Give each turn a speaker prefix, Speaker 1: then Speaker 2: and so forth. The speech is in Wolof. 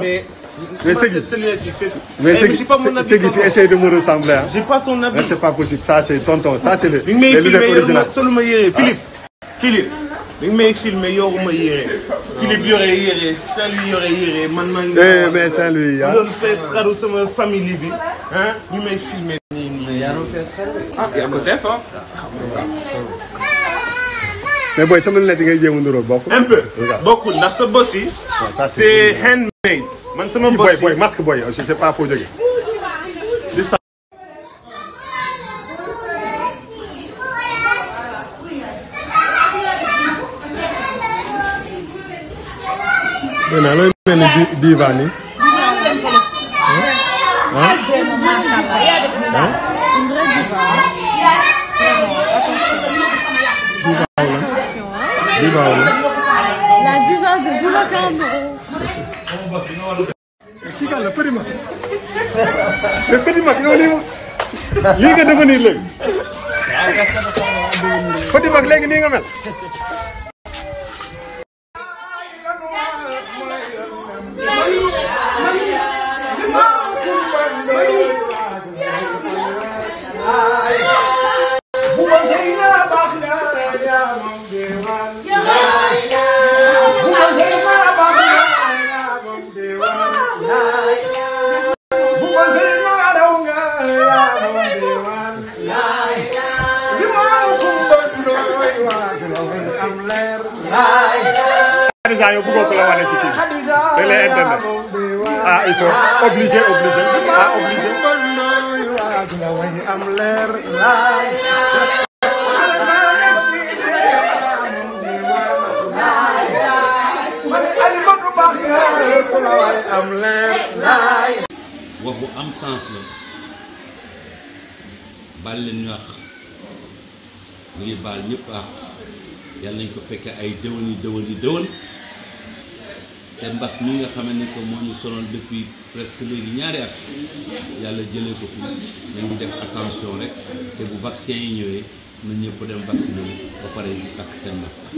Speaker 1: mais. mais Séghi Séghi tu eh, essaies de me ressembler ah. j'ai pas ton habit mais c'est pas possible ça c'est tonton ça c'est le. li nga may filmé soluma yére Philippe. Philippe ah. li nga may filmé yoruma yére. Philippe yore yére Saint-Louis yore yére man maa ngi. Eh, mais Saint-Louis ah. doon fees xaru sama famille bi ah ñu may filmé. nii nii yaa doon fees xaru. ah yaa ko def ah. ah mais booy sama lunette yi ngay jéem a nduróol bokkul. un peu bokkul ndax sa bos yi. c'est man sama bos yi booy booy masque booy je sais pas foo La diva de Boubacar kii kan la Petit Mac mais Petit Mac yow lii lii nga devenir léegi. Petit Mac léegi nii nga mel. Khadija yow bëggoo ko ah, ah, am sens la baal leen ñu wax ngi baal ñëpp àq yàlla nañ ko fekkee ay déwén yi déwén yi déwén te mbas mi nga xam ne ko moo ñu sonal depuis presque léegi ñaari at yàlla jëlee ko fi nañu def attention rek te bu vaccin yi ñëwee na ñëpp dem vacciné ba pare ñu takk seen masque